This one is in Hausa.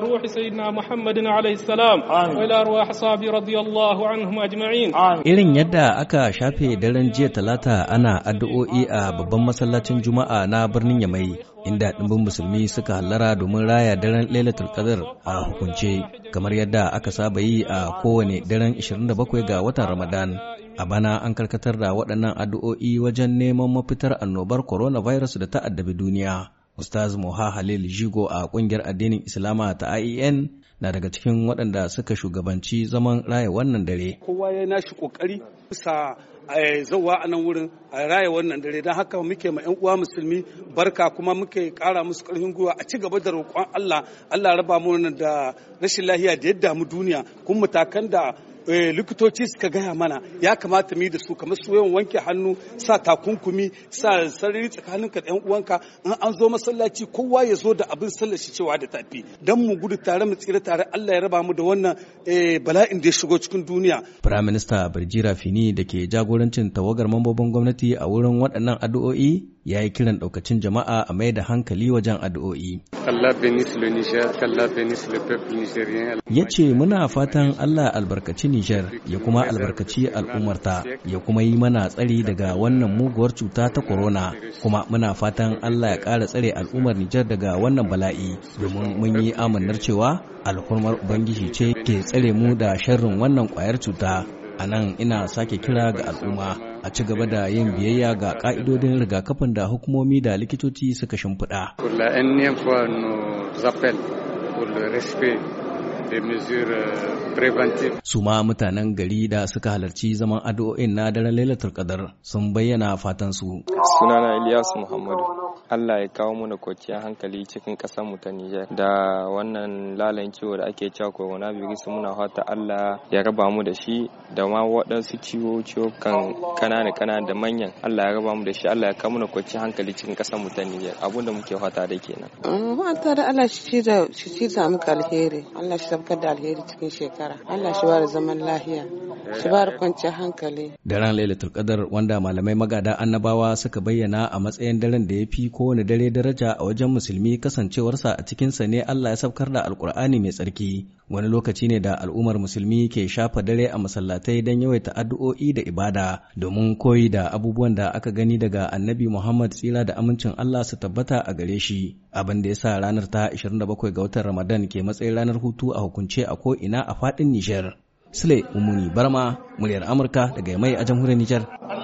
روح سيدنا محمد عليه السلام وإلى أرواح صحابي irin yadda aka shafe daren jiya talata ana addu'o'i a babban masallacin juma'a na birnin yamai inda ɗimbin musulmi suka halara domin raya daren lailatul qadr a hukunce kamar yadda aka saba yi a kowane daren 27 ga watan ramadan a bana an karkatar da waɗannan addu'o'i wajen neman mafitar annobar coronavirus da ta addabi duniya Ustaz Moha Halil Jigo a kungiyar addinin Islama ta IEN na daga cikin waɗanda suka shugabanci zaman raya wannan dare. Kowa ya nashi kokari bisa eh, zauwa a nan wurin a raya wannan dare don haka muke ma 'yan uwa musulmi barka kuma muke kara musu ƙarfin gwiwa a ci gaba da roƙon Allah Allah raba mu da rashin lahiya da yadda mu duniya kuma mutakan da Eh, likitoci suka gaya mana ya kamata mu yi da su kamar su yawan wanke hannu sa takunkumi sa sarari tsakanin ka ɗan uwanka in an zo masallaci kowa ya zo da abin sallar shi cewa da tafi dan mu gudu tare mu tsira tare Allah ya raba mu da wannan eh, bala'in da ya shigo cikin duniya Prime Minister Birjira Fini da ke jagorancin tawagar mambobin gwamnati a wurin waɗannan addu'o'i ya yi kiran ɗaukacin jama'a a mai da hankali wajen addu'o'i. niger Ya ce muna fatan Allah albarkaci Nijar ya kuma albarkaci al'ummarta ya kuma yi mana tsari daga wannan muguwar cuta ta corona kuma muna fatan Allah ya ƙara tsare al'ummar Nijar daga wannan bala'i domin mun yi amannar cewa alhurmar Ubangiji ce ke tsare mu da sharrin wannan kwayar cuta. A nan ina sake kira ga al'umma a ci gaba da yin biyayya ga ƙa'idodin rigakafin da hukumomi da likitoci suka shimfiɗa. des mesures euh, préventives. Su ma mutanen gari da suka halarci zaman addu'o'in na daren lailatul kadar sun bayyana fatan su. Sunana Ilyas Muhammadu. Allah ya kawo mana kwanciyar hankali cikin ƙasar mu ta Nijar da wannan lalan ciwo da ake cewa corona virus muna fata Allah ya raba mu da shi da ma waɗansu ciwo ciwo kan kanana kanana da manyan Allah ya raba mu da shi Allah ya kawo mana kwanciyar hankali cikin ƙasar mu ta Nijar abinda muke fata da kenan. Fata da Allah shi da shi da samu alheri Allah shi tabbatar da alheri cikin shekara Allah shi bar zaman lahiya shi bar kwanciyar hankali daren lailatul qadar wanda malamai magada annabawa suka bayyana a matsayin daren da ya fi kowane dare daraja a wajen musulmi kasancewarsa a cikinsa ne Allah ya saukar da alkur'ani mai tsarki wani lokaci ne da al'ummar musulmi ke shafa dare a masallatai don yawaita addu'o'i da ibada domin koyi da abubuwan da aka gani daga annabi Muhammad tsira da amincin Allah su tabbata a gare shi abin da ya sa ranar ta 27 ga watan Ramadan ke matsayin ranar hutu a hukunce a ko'ina a faɗin Nijar. Sule Umuni Barma, muryar Amurka daga mai a jamhuriyar Nijar.